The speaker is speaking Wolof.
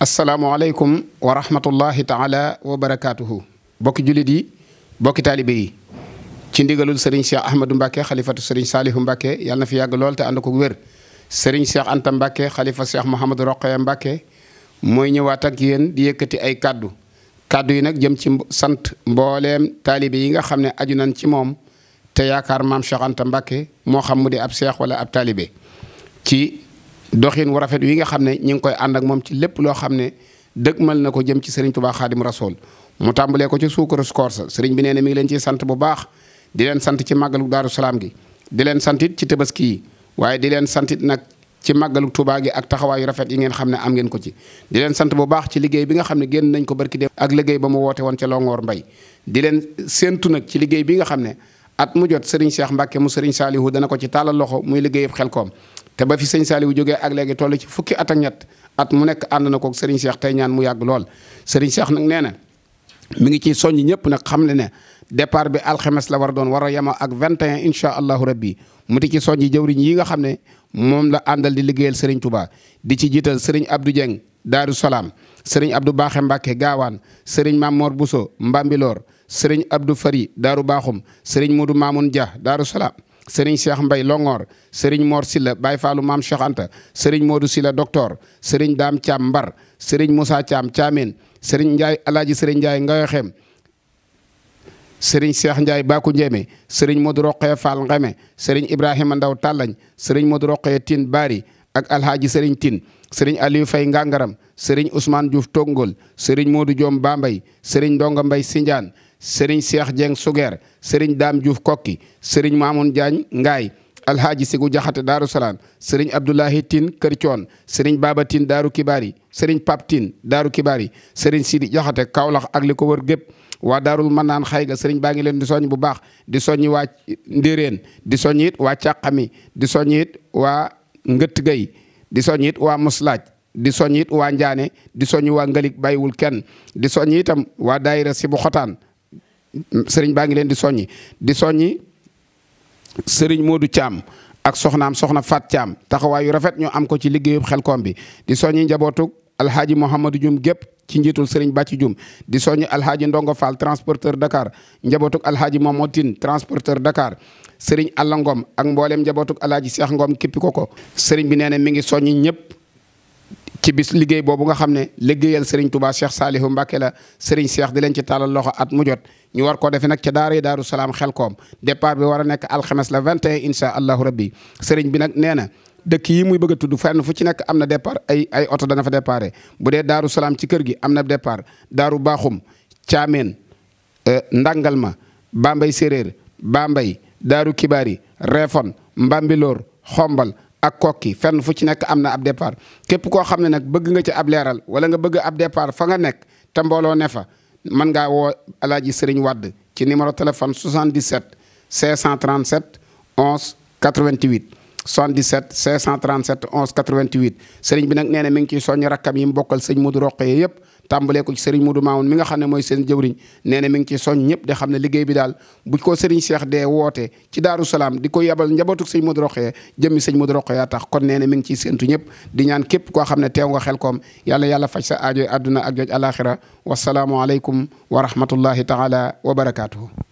asalaamualeykum wa rahmatullahi taala wa barakaatuhu bokki jullit yi bokki taalibe yi ci ndigalul sëriñ Cheikh Ahmadou Mbacke xalifatu sëriñ Saalihu Mbacke yàlla na fi yàgg lool te ànd ko wér sëriñ Cheikh Anta Mbacke xalifa Cheikh Mouhamadou Roqaya Mbacke mooy ñëwaat ak yéen di yëkkati ay kàddu kàddu yi nag jëm ci sant mbooleem taalibe yi nga xam ne aju nañ ci moom te yaakaar maam Cheikh Anta Mbacke moo xam mu di ab seex wala ab taalibe ci doxin wu rafet wi nga xam ne ñu ngi koy ànd ak moom ci lépp loo xam ne dëgmal na ko jëm ci sëriñ Tuubaa Xaadim Rasuul mu tàmbalee ko ci suukaru koor sa sëriñ bi nee na mi ngi leen sant bu baax di leen sant ci màggalu Daaru Salaam gi di leen santit ci tabaski yi waaye di leen santit nag ci màggalu Tuubaa gi ak taxawaayu rafet yi ngeen xam ne am ngeen ko ci di leen sant bu baax ci liggéey bi nga xam ne génn nañ ko barki dem ak liggéey ba mu woote woon ca Longoor Mbay di leen séentu nag ci liggéey bi nga xam ne at mu jot sëriñ Cheikh Mbacke mu sëriñ Saalihu dana ko ci tàllal loxo muy liggéeyub koom te ba fi sëñ Saliou jógee ak léegi tollu ci fukki at ak ñett at mu nekk ànd na kook Serigne Cheikh tey ñaan mu yàgg lool Serigne Cheikh nag nee na mi ngi ci soññ ñëpp nag xam le ne depart bi alxemes la war a doon war a yema ak 21 incha allahu rabbi mu ti ci soññi jëwriñ yi nga xam ne moom la àndal di liggéeyal Serigne Touba di ci jiital Serigne Abdou Dieng Daaru Salaam Serigne Abdou Baaxe Mbacke Gaawaan Serigne Mamor Bousso Mbambilor Serigne Abdou Fari Daaru Baaxum Serigne Modou Mamoun Dia Daaru Salaam sëriñ Cheikh Mbay Longoor sëriñ Mor Silla Baye Fallou Maam Cheikh Anta sëriñ Modou Silla docteur sëriñ Daam Thiam Mbar sëriñ Moussa Thiam Thiamène sëriñ Ndiaye Alaaji sëriñ Ndiaye Ngayoxeem sëriñ Cheikh Ndiaye Baku Njéeme sëriñ Modou Roqee Fall Ngeme sëriñ Ibrahima Ndaw Tàllañ sëriñ Modou Roqee Tine Bari ak alhaaji sëriñ tiin sëriñ Aliou Fay Ngangaram sëriñ Ousmane Diouf Tongol sëriñ Modou Diom Bambay sëriñ Ndonga Mbay Sindiane sëriñ Cheikh Dieng Sugeer sëriñ Dame Diouf Kokki sëriñ Mamoun Diagne Ngaay alhaaji sigu jaxate daaru salaam sëriñ abdoulahi tin kër coon sëriñ baba tin daaru kibaari sëriñ pap tin daaru kibaari serigne sidi jaxate kaolax ak li ko wër gépp wa daarul mannaan xayga sëriñ baa ngi leen di soññ bu baax di soññi waa ndéréen di soññ it waa càqami di soññ it waa ngëtt gay di soññ wa waa muslaaj di soññ wa waa njaane di soññ waa ngalik bàyyiwul kenn di soññ itam waa daayira si sëriñ baa ngi leen di soññi di soññi sëriñ Modou Thiam ak soxnaam soxna Fat Thiam taxawaayu rafet ñu am ko ci liggéeyub koom bi di soññi njabootu alhaaji Mouhamadou jum gépp ci njiitul sëriñ Bàcci Dioum di soññi alhaaji Ndongo Fall transporteur Dakar njabootuk alhaaji Momotine transporteur Dakar sëriñ Alla Ngom ak mboolem njabootuk alhaaji Seex Ngom képpi ko ko sëriñ bi nee na mi ngi soññi ñëpp ci bis liggéey boobu nga xam ne liggéeyal Serigne Touba Cheikh Salihu Mbacke la Serigne Cheikh di leen ci taalal loxo at mu jot ñu war koo defee nag ca daara yi Daaru Salaam Xelkom départ bi war a nekk alxames la 21 incha allahu rabbi Serigne bi nag nee na. dëkk yi muy bëgg a tudd fenn fu ci nekk am na départ ay ay oto dana fa déparé bu dee daaru salaam ci kër gi am na départ daaru baaxum caameen euh, ndàngalma bambay séréer bambay daaru kibaari reefon mbambiloor xombal ak kokki fenn fu ci nekk am na ab départ képp koo xam ne nag bëgg nga ci ab leeral wala nga bëgg ab départ fa nga nekk te mbooloo ne fa mën ngaa woo alaaji sëriñ Wadd ci numéro téléphone 77 537 11 88 77 537 11 88 sëriñ bi nag nee na mi ngi rakkam yi mu bokkal sëñ Modou Roqe yëpp tàmbalee ko ci sëriñ Modou Mamoun mi nga xam ne mooy seen jëwriñ nee na mi ngi ciy soññ ñëpp di xam ne liggéey bi daal bu ko sëriñ Cheikh dee woote ci Daaru Salaam di ko yebal njabootuk sëñ Modou Roqe jëmmi sëñ Modou Roqe yaa tax kon nee na mi ngi ciy séntu ñëpp di ñaan képp koo xam ne teew nga xel koom yàlla yàlla faj sa aajoy àdduna ak jooj àlaaxira wasalaamu aleykum wa rahmatullahi taala wa barakaatuhu